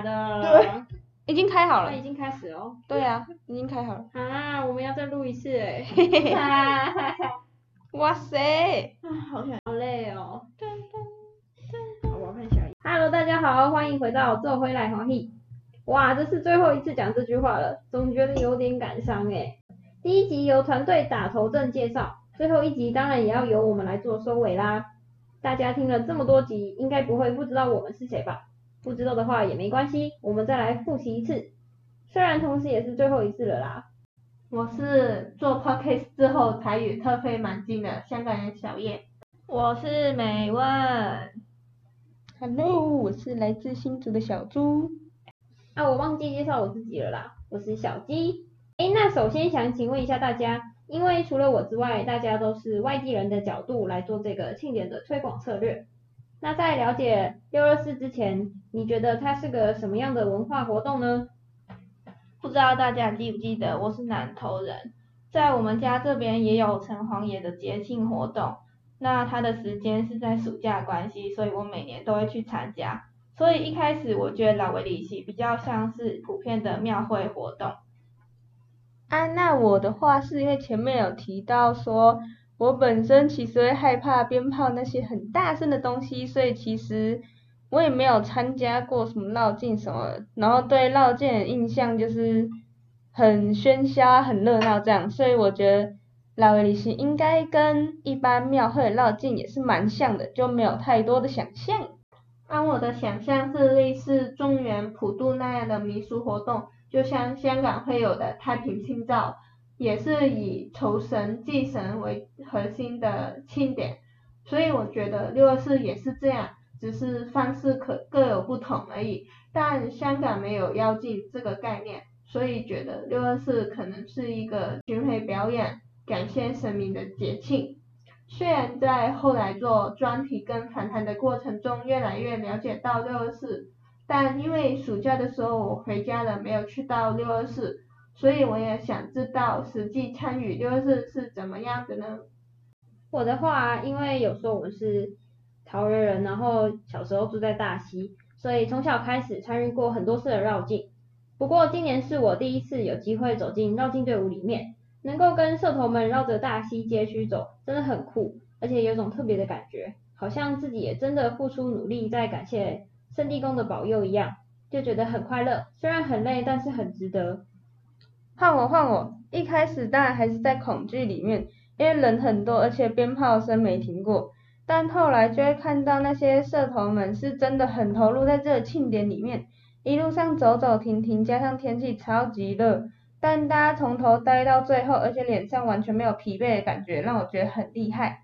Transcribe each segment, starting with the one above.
的，對，已經開好了，已經開始哦，對，對啊，已經開好了，啊，我們要再錄一次哎、欸，嘿哈哈哈，哇塞，哇塞啊，好想，好累哦，噔噔，噔噔噔，好，我看一下，Hello 大家好，歡迎回到作伙來歡禧，哇，這是最後一次講這句話了，總覺得有點感傷哎，第一集由團隊打頭陣介紹，最後一集當然也要由我們來做收尾啦，大家聽了這麼多集，應該不會不知道我們是誰吧？不知道的話也沒關係，我們再來複習一次，雖然同時也是最後一次了啦。我是做 podcast 之後才與特配滿進的香港人小葉，我是美文，Hello，我是來自新竹的小豬，啊，我忘記介紹我自己了啦，我是小雞，哎，那首先想請問一下大家，因為除了我之外，大家都是外地人的角度來做這個慶典的推廣策略，那在了解六二四之前。你覺得它是個什麼樣的文化活動呢？不知道大家記不記得，我是南投人，在我們家這邊也有城隍爺的節慶活動。那它的時間是在暑假關係，所以我每年都會去參加。所以一開始我覺得六月廿四比較像是普遍的廟會活動。啊，那我的話是因為前面有提到說，我本身其實會害怕鞭炮那些很大聲的東西，所以其實。我也沒有參加過什麼繞境什麼的，然後對繞境的印象就是很喧囂、很熱鬧這樣，所以我覺得，六二四應該跟一般廟會的繞境也是蠻像的，就沒有太多的想象。當我的想象是類似中原普渡那樣的民俗活動，就像香港會有的太平清醮，也是以酬神祭神為核心的慶典，所以我覺得六二四也是這樣。只是方式可各有不同而已，但香港沒有遶境這個概念，所以覺得六二四可能是一個巡迴表演、感謝神明的節慶。雖然在後來做專題跟訪談，談的過程中，越來越了解到六二四，但因為暑假的時候我回家了，沒有去到六二四，所以我也想知道實際參與六二四是怎麼樣的呢？我的話，因為有時候我是，潮州人，然後小時候住在大溪，所以從小開始參與過很多次的繞境。不過今年是我第一次有機會走進繞境隊伍裡面，能夠跟社頭們繞着大溪街區走，真的很酷，而且有種特別的感覺，好像自己也真的付出努力在感謝聖帝公的保佑一樣，就覺得很快樂。雖然很累，但是很值得。換我，換我！一開始當然還是在恐懼裡面，因為人很多，而且鞭炮聲沒停過。但後來就會看到那些社頭們是真的很投入在這個慶典裡面，一路上走走停停，加上天氣超級熱，但大家從頭待到最後，而且臉上完全沒有疲憊的感覺，讓我覺得很厲害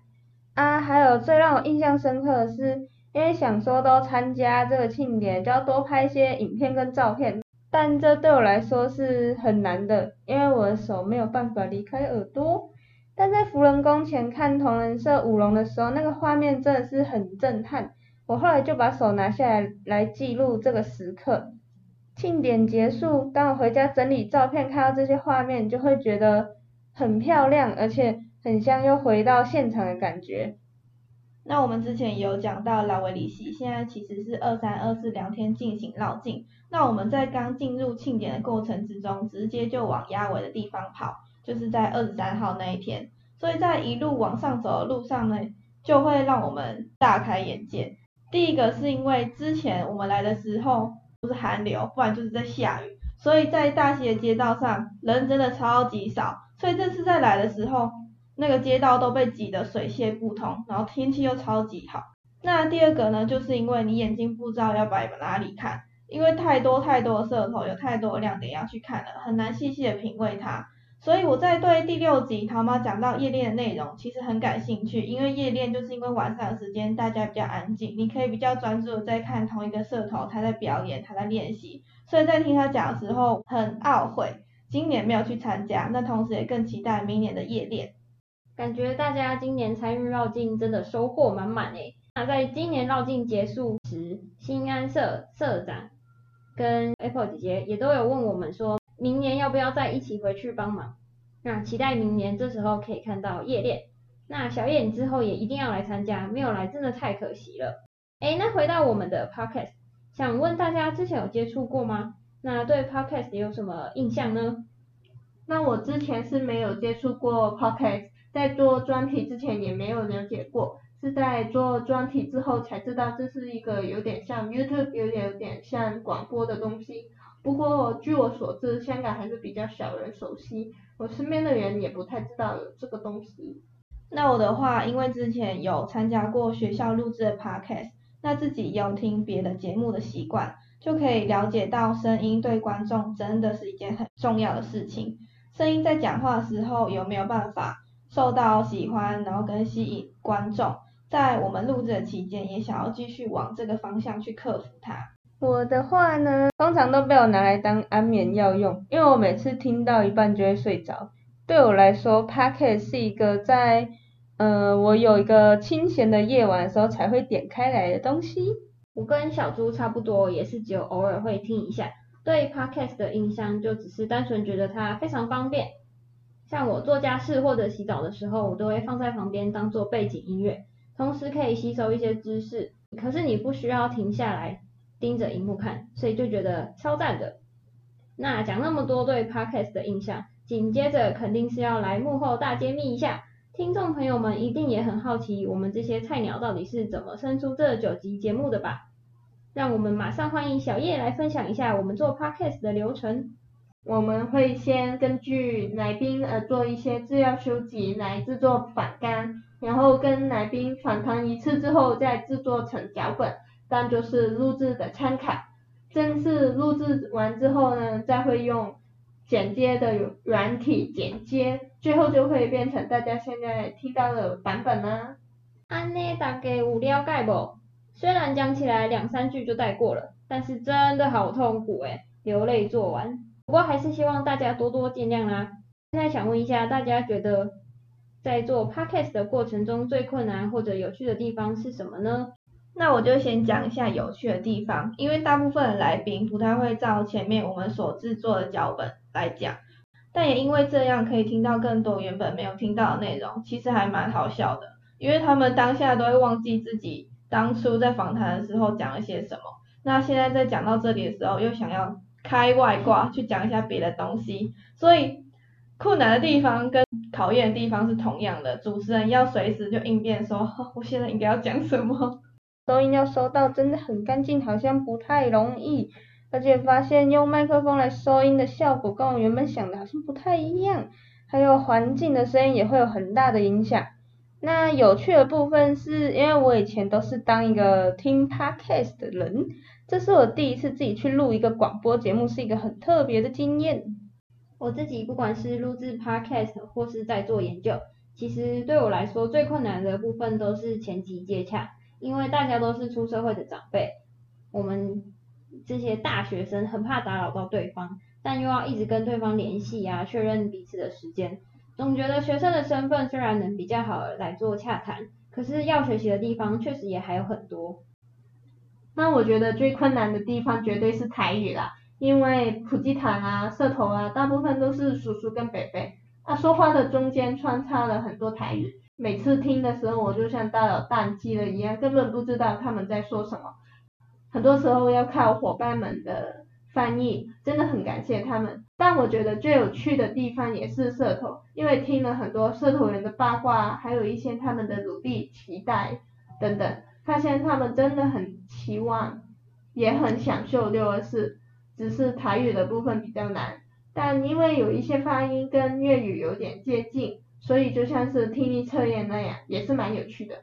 啊！還有最讓我印象深刻的是，因為想說都參加這個慶典，就要多拍一些影片跟照片，但這對我來說是很難的，因為我的手沒有辦法離開耳朵。但在福仁宮前看同人社舞龍的時候，那個畫面真的是很震撼。我後來就把手拿下來來記錄這個時刻。慶典結束，當我回家整理照片，看到這些畫面，就會覺得很漂亮，而且很像又回到現場的感覺。那我們之前有講到老維里戲，現在其實是二三二四兩天進行繞境。那我們在剛進入慶典的過程之中，直接就往壓尾的地方跑。就是在二十三號那一天，所以在一路往上走的路上呢，就會讓我們大開眼界。第一個是因為之前我們來的時候不是寒流，不然就是在下雨，所以在大溪的街道上人真的超級少，所以這次再來的時候，那個街道都被擠得水泄不通，然後天氣又超級好。那第二個呢，就是因為你眼睛不知道要往哪裡看，因為太多太多的社頭，有太多的亮點要去看了，很難細細的品味它。所以我在對第六集桃媽講到夜練的內容，其實很感興趣，因為夜練就是因為晚上的時間大家比較安靜，你可以比較專注在看同一個社頭他在表演，他在練習，所以在聽他講的時候很懊悔今年沒有去參加，那同時也更期待明年的夜練。感覺大家今年參與繞境真的收穫滿滿哎、欸，那在今年繞境結束時，新安社社長跟 Apple 姐姐也都有問我們說。明年要不要再一起回去幫忙？那期待明年這時候可以看到夜練。那小夜之後也一定要來參加，沒有來真的太可惜了。哎，那回到我們的 podcast，想問大家之前有接觸過嗎？那對 podcast 有什麼印象呢？那我之前是沒有接觸過 podcast，在做專題之前也沒有了解過，是在做專題之後才知道這是一個有點像 YouTube，有點有點像廣播的東西。不過據我所知，香港還是比較少人熟悉，我身邊的人也不太知道有這個東西。那我的話，因為之前有參加過學校錄制的 podcast，那自己有聽別的節目的習慣，就可以了解到聲音對觀眾真的是一件很重要的事情。聲音在講話的時候有沒有辦法受到喜歡，然後更吸引觀眾，在我們錄制的期間也想要繼續往這個方向去克服它。我的話呢，通常都被我拿來當安眠藥用，因為我每次聽到一半就會睡着。對我來說，podcast 是一個在，呃，我有一個清閒的夜晚的時候才會點開來的東西。我跟小豬差不多，也是只有偶爾會聽一下。對 podcast 的印象就只是單純覺得它非常方便，像我做家事或者洗澡的時候，我都會放在旁邊當做背景音樂，同時可以吸收一些知識。可是你不需要停下來。盯着熒幕看，所以就覺得超讚的。那講那麼多對 Podcast 的印象，緊接着肯定是要來幕後大揭秘一下。聽眾朋友們一定也很好奇，我們這些菜鳥到底是怎麼生出這九集節目的吧？讓我們馬上歡迎小葉來分享一下我們做 Podcast 的流程。我們會先根據來賓呃做一些資料收集來制作訪綱，然後跟來賓訪談一次之後再制作成腳本。但就是錄製的參考，正式錄製完之後呢，再會用剪接的軟體剪接，最後就會變成大家現在聽到的版本啦、啊。安尼大家有了解無？雖然講起來兩三句就帶過了，但是真的好痛苦誒、欸，流淚做完。不過還是希望大家多多見諒啦。現在想問一下大家覺得，在做 podcast 的過程中最困難或者有趣的地方是什麼呢？那我就先講一下有趣的地方，因為大部分的來賓不太會照前面我們所制作的腳本來講，但也因為這樣可以聽到更多原本沒有聽到的內容，其實還蠻好笑的，因為他們當下都會忘記自己當初在訪談的時候講了些什麼，那現在在講到這裡的時候又想要開外掛去講一下別的東西，所以困難的地方跟考驗的地方是同樣的，主持人要隨時就應變說我現在應該要講什麼。收音要收到真的很乾淨，好像不太容易。而且發現用麥克風來收音的效果跟我原本想的好像不太一樣。還有環境的聲音也會有很大的影響。那有趣的部分是因為我以前都是當一個聽 podcast 的人，這是我第一次自己去錄一個廣播節目，是一個很特別的經驗。我自己不管是錄製 podcast 或是在做研究，其實對我來說最困難的部分都是前期接洽。因為大家都是出社會的長輩，我們這些大學生很怕打擾到對方，但又要一直跟對方聯繫啊，確認彼此的時間，總覺得學生的身份雖然能比較好來做洽談，可是要學習的地方確實也還有很多。那我覺得最困難的地方絕對是台語啦，因為普濟堂啊、社頭啊，大部分都是叔叔跟伯伯，他、啊、說話的中間穿插了很多台語。每次聽的時候，我就像大腦宕機了一樣，根本不知道他們在說什麼。很多時候要靠夥伴們的翻譯，真的很感謝他們。但我覺得最有趣的地方也是社頭，因為聽了很多社頭人的八卦，還有一些他們的努力、期待等等，發現他們真的很期望，也很享受六二四。只是台語的部分比較難，但因為有一些發音跟粵語有點接近。所以就像是聽力測驗那樣，也是蠻有趣的。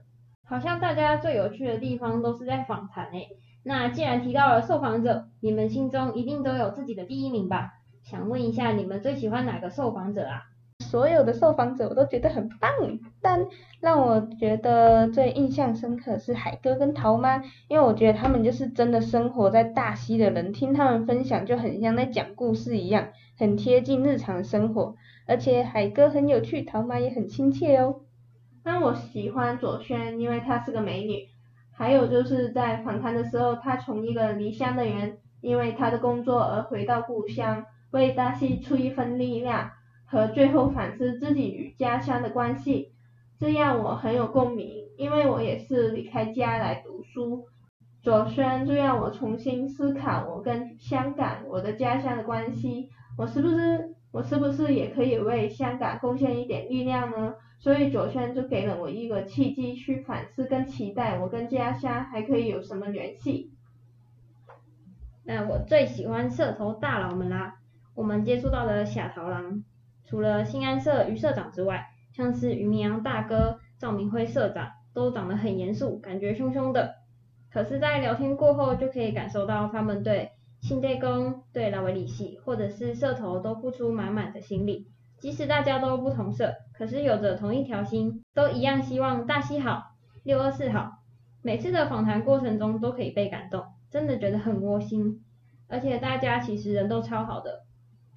好像大家最有趣的地方都是在訪談誒、欸，那既然提到了受訪者，你們心中一定都有自己的第一名吧？想問一下，你們最喜歡哪個受訪者啊？所有的受訪者我都覺得很棒，但讓我覺得最印象深刻是海哥跟桃媽，因為我覺得他們就是真的生活在大溪的人，聽他們分享就很像在講故事一樣，很貼近日常生活。而且海哥很有趣，桃花也很親切哦。那我喜歡左軒，因為她是個美女。還有就是在訪談的時候，他從一個離鄉的人，因為他的工作而回到故鄉，為大禧出一份力量，和最後反思自己與家鄉的關係，這讓我很有共鳴。因為我也是離開家來讀書，左軒就讓我重新思考我跟香港、我的家鄉的關係，我是不是？我是不是也可以為香港貢獻一點力量呢？所以左圈就給了我一個契機去反思，跟期待我跟家鄉還可以有什麼聯繫。那我最喜歡社頭大佬們啦，我們接觸到的小頭狼，除了新安社於社長之外，像是余明陽大哥、趙明輝社長，都長得很嚴肅，感覺兇兇的。可是，在聊天過後，就可以感受到他們對新帝公對拉尾里系，或者是社頭都付出滿滿的心力，即使大家都不同社，可是有着同一條心，都一樣希望大溪好，六二四好。每次的訪談過程中都可以被感動，真的覺得很窩心。而且大家其實人都超好的，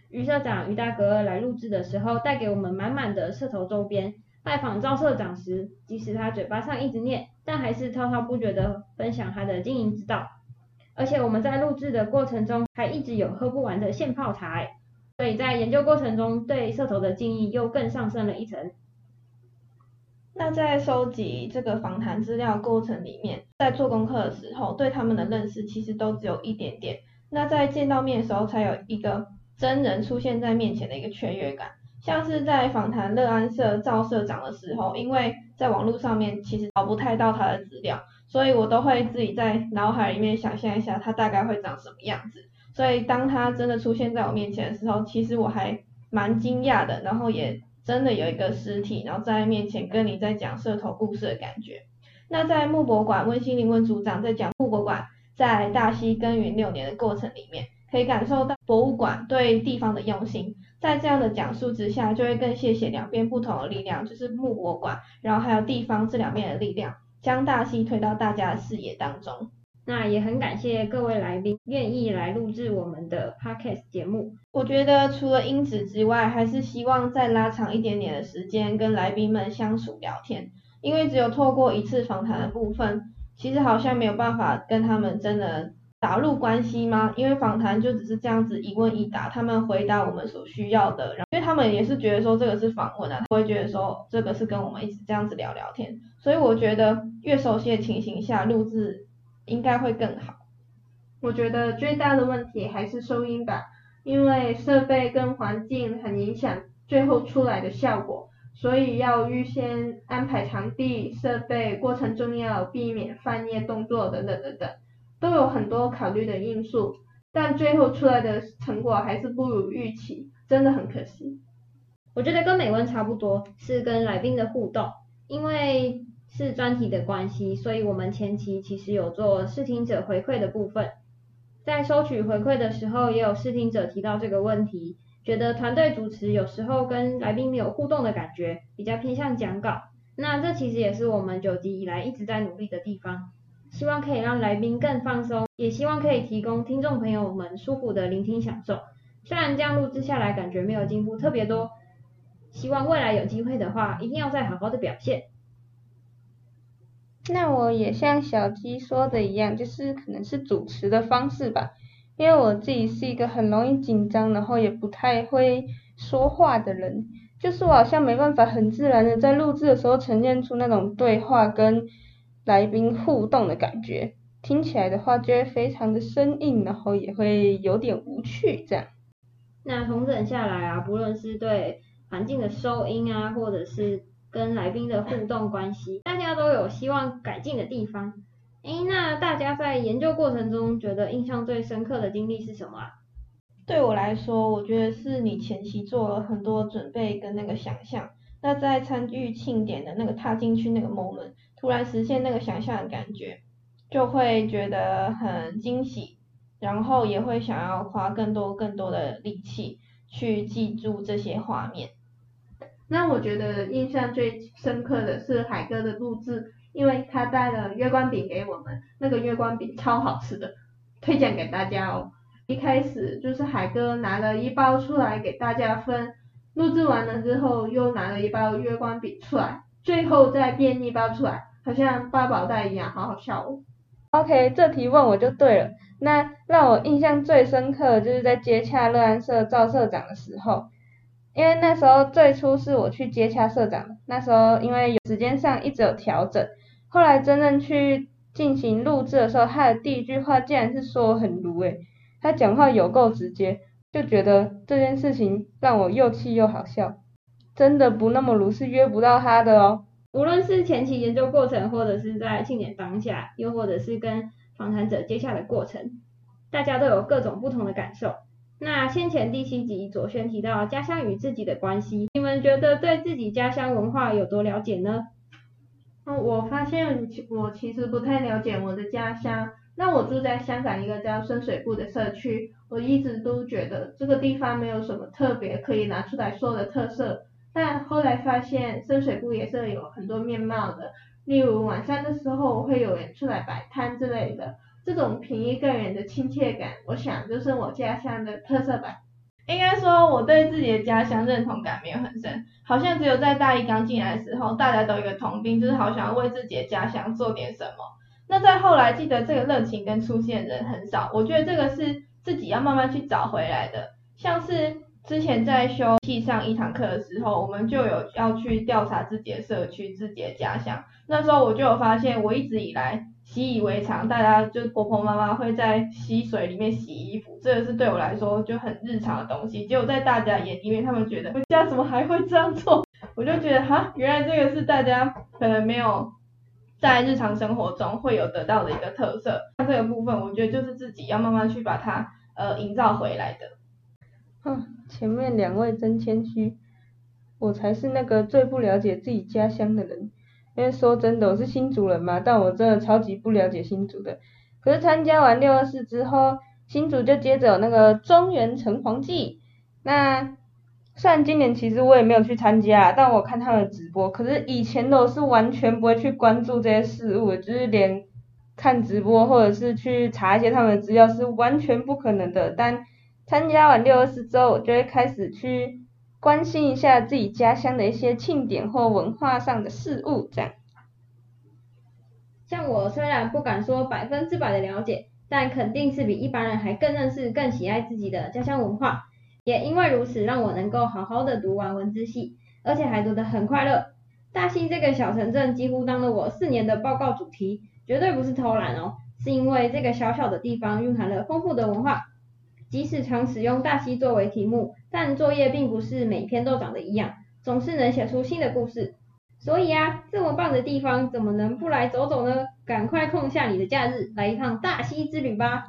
余社長余大哥來錄製的時候帶給我們滿滿的社頭週邊，拜訪趙社長時，即使他嘴巴上一直念，但還是滔滔不絕地分享他的經營之道。而且我們在錄製的過程中還一直有喝不完的現泡茶欸，所以在研究過程中對社頭的敬意又更上升了一層。那在收集這個訪談資料過程裡面，在做功課的時候對他們的認識其實都只有一點點，那在見到面的時候才有一個真人出現在面前的一個雀躍感。像是在訪談樂安社趙社長的時候，因為在網絡上面其實找不太到他的資料。所以我都會自己在腦海裡面想象一下它大概會長什麼樣子，所以當它真的出現在我面前的時候，其實我還蠻驚訝的，然後也真的有一個實體，然後在面前跟你在講社頭故事的感覺。那在木博館，溫心玲溫組長在講木博館在大溪耕耘六年的過程裡面，可以感受到博物館對地方的用心。在這樣的講述之下，就會更謝謝兩邊不同的力量，就是木博館，然後還有地方這兩面的力量。將大禧推到大家的視野當中。那也很感謝各位來賓願意來錄製我們的 podcast 節目。我覺得除了音質之外，還是希望再拉長一點點的時間，跟來賓們相處聊天。因為只有透過一次訪談的部分，其實好像沒有辦法跟他們真的打入關係嗎？因為訪談就只是這樣子一問一答，他們回答我們所需要的。他們也是覺得說這個是訪問啊，不會覺得說這個是跟我們一直這樣子聊聊天，所以我覺得越熟悉的情形下錄製應該會更好。我覺得最大的問題還是收音吧，因為設備跟環境很影響最後出來的效果，所以要預先安排場地、設備，過程中要避免翻頁動作等等等等，都有很多考慮的因素，但最後出來的成果還是不如預期。真的很可惜，我覺得跟美文差不多，是跟來賓的互動，因為是專題的關係，所以我們前期其實有做試聽者回饋的部分，在收取回饋的時候，也有試聽者提到這個問題，覺得團隊主持有時候跟來賓沒有互動的感覺，比較偏向講稿。那這其實也是我們九集以來一直在努力的地方，希望可以讓來賓更放鬆，也希望可以提供聽眾朋友們舒服的聆聽享受。雖然這樣錄製下來感覺沒有進步特別多，希望未來有機會的話，一定要再好好的表現。那我也像小雞說的一樣，就是可能是主持的方式吧，因為我自己是一個很容易緊張，然後也不太會說話的人，就是我好像沒辦法很自然的在錄製的時候呈現出那種對話跟來賓互動的感覺，聽起來的話就會非常的生硬，然後也會有點無趣這樣。那重整下來啊，不論是對環境的收音啊，或者是跟來賓的互動關係，大家都有希望改進的地方。誒，那大家在研究過程中，覺得印象最深刻的經歷是什麼啊？對我來說，我覺得是你前期做了很多準備跟那個想象，那在參與慶典的那個踏進去那個 moment，突然實現那個想象的感覺，就會覺得很驚喜。然後也會想要花更多更多的力氣去記住這些畫面。那我覺得印象最深刻的是海哥的錄制，因為他帶了月光餅給我們，那個月光餅超好吃的，推薦給大家哦。一開始就是海哥拿了一包出來給大家分，錄制完了之後又拿了一包月光餅出來，最後再變一包出來，好像八寶袋一樣，好好笑哦。OK，這題問我就對了。那讓我印象最深刻的就是在接洽樂安社趙社長的時候，因為那時候最初是我去接洽社長，那時候因為有時間上一直有調整，後來真正去進行錄製的時候，他的第一句話竟然是說我很盧、欸，誒他講話有夠直接，就覺得這件事情讓我又氣又好笑，真的不那麼盧，是約不到他的哦。無論是前期研究過程，或者是在慶典當下，又或者是跟訪談者接洽的過程，大家都有各種不同的感受。那先前第七集左軒提到家鄉與自己的關係，你們覺得對自己家鄉文化有多了解呢？我發現我其實不太了解我的家鄉。那我住在香港一個叫深水埗的社區，我一直都覺得這個地方沒有什麼特別可以拿出來說的特色。但後來發現深水埗也是有很多面貌的，例如晚上的時候會有人出來擺攤之類的。這種平易近人的親切感，我想就是我家鄉的特色吧。應該說我對自己的家鄉認同感沒有很深，好像只有在大一剛進來的時候，大家都有一個同病，就是好想要為自己的家鄉做點什麼。那在後來記得這個熱情跟出現的人很少，我覺得這個是自己要慢慢去找回來的，像是。之前在休憩上一堂課的時候，我們就有要去調查自己的社區、自己的家鄉。那時候我就有發現，我一直以來習以為常，大家就婆婆媽媽會在溪水裡面洗衣服，這個是對我來說就很日常的東西。結果在大家眼裡面，他們覺得我家怎麼還會這樣做？我就覺得哈，原來這個是大家可能沒有在日常生活中會有得到的一個特色。那這個部分，我覺得就是自己要慢慢去把它呃營造回來的。哼。前面兩位真謙虛，我才是那個最不了解自己家鄉的人。因為說真的，我是新竹人嘛，但我真的超級不了解新竹的。可是參加完六二四之後，新竹就接着有那個中元城隍祭。那雖然今年其實我也沒有去參加，但我看他們的直播。可是以前我是完全不會去關注這些事物，就是連看直播或者是去查一些他們的資料是完全不可能的。但參加完六二四之後，我就會開始去關心一下自己家鄉的一些慶典或文化上的事物，這樣。像我雖然不敢說百分之百的了解，但肯定是比一般人還更認識、更喜愛自己的家鄉文化。也因為如此，讓我能夠好好的讀完文字系，而且還讀得很快樂。大溪這個小城鎮幾乎當了我四年的報告主題，絕對不是偷懶哦，是因為這個小小的地方蘊含了豐富的文化。即使常使用大溪作為題目，但作業並不是每篇都長得一樣，總是能寫出新的故事。所以啊，這麼棒的地方怎麼能不來走走呢？趕快空下你的假日，來一趟大溪之旅吧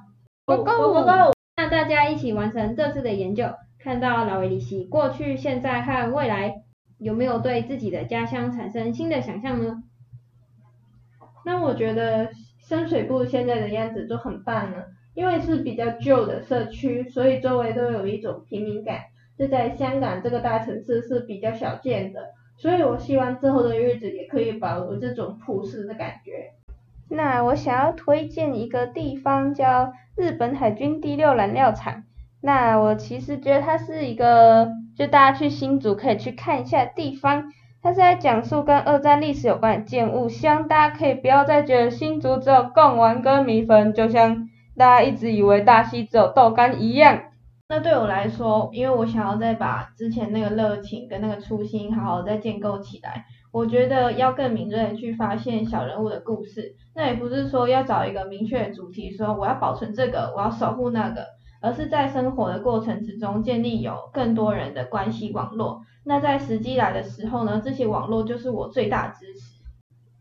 ！Go go，go go go。那大家一起完成這次的研究，看到老維尼西過去、現在和未來，有沒有對自己的家鄉產生新的想象呢？那我覺得深水埗現在的樣子就很棒了。因為是比較舊的社區，所以周圍都有一種平民感，這在香港這個大城市是比較少見的，所以我希望之後的日子也可以保留這種樸實的感覺。那我想要推薦一個地方叫日本海軍第六燃料廠，那我其實覺得它是一個就大家去新竹可以去看一下地方，它是在講述跟二戰歷史有關的建物，希望大家可以不要再覺得新竹只有貢丸跟米粉，就像。大家一直以為大溪只有豆乾一樣。那對我來說，因為我想要再把之前那個熱情跟那個初心好好再建構起來。我覺得要更敏銳的去發現小人物的故事。那也不是說要找一個明確的主題，說我要保存這個，我要守護那個，而是在生活的過程之中建立有更多人的關係網絡。那在時機來的時候呢，這些網絡就是我最大支持。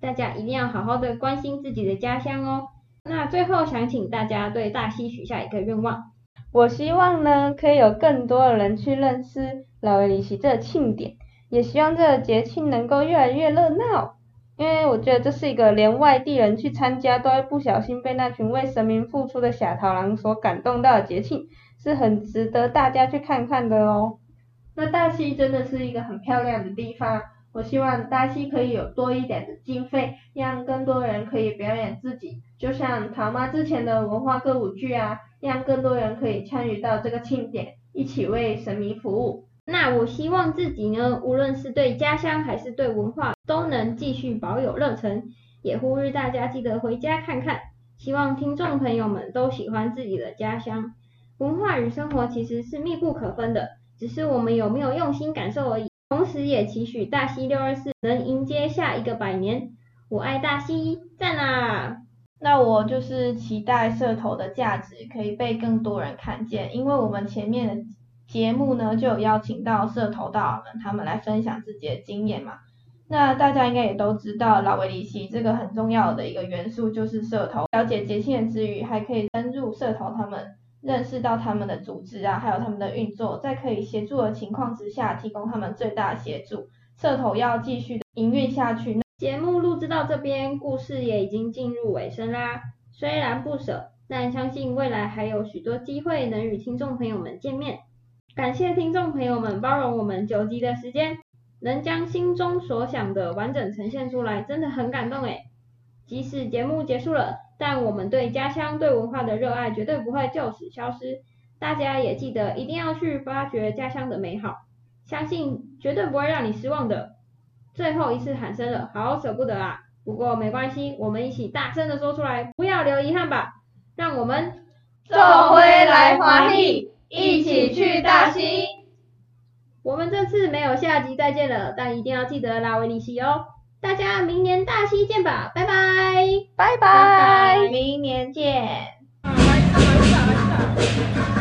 大家一定要好好的關心自己的家鄉哦。那最後想請大家對大溪許下一個願望，我希望呢，可以有更多的人去認識老維里奇這慶典，也希望這個節慶能夠越來越熱鬧，因為我覺得這是一個連外地人去參加都會不小心被那群為神明付出的小桃郎所感動到的節慶，是很值得大家去看看的哦。那大溪真的是一個很漂亮的地方。我希望大禧可以有多一點的經費，讓更多人可以表演自己，就像桃媽之前的文化歌舞劇啊，讓更多人可以參與到這個慶典，一起為神明服務。那我希望自己呢，無論是對家鄉還是對文化，都能繼續保有熱忱，也呼籲大家記得回家看看。希望聽眾朋友們都喜歡自己的家鄉，文化與生活其實是密不可分的，只是我們有沒有用心感受而已。同時也期許大溪六二四能迎接下一個百年，我愛大溪，讚啊！那我就是期待社頭的價值可以被更多人看見，因為我們前面的節目呢，就有邀請到社頭大佬們，他們來分享自己的經驗嘛。那大家應該也都知道，老維里西這個很重要的一個元素就是社頭，了解節慶之餘，還可以深入社頭他們。認識到他們的組織啊，還有他們的運作，在可以協助的情況之下，提供他們最大的協助。社頭要繼續的營運下去。節目錄制到這邊，故事也已經進入尾聲啦。雖然不捨，但相信未來還有許多機會能與聽眾朋友們見面。感謝聽眾朋友們包容我們九集的時間，能將心中所想的完整呈現出來，真的很感動誒、欸。即使節目結束了，但我們對家鄉、對文化的熱愛絕對不會就此消失。大家也記得一定要去發掘家鄉的美好，相信絕對不會讓你失望的。最後一次喊聲了，好捨不得啊！不過沒關係，我們一起大聲地說出來，不要留遺憾吧。讓我們作伙來歡禧，一起去大溪。我們這次沒有下集再見了，但一定要記得拉維尼西哦。大家明年大禧見吧，拜拜，拜拜，拜拜明年見。哦還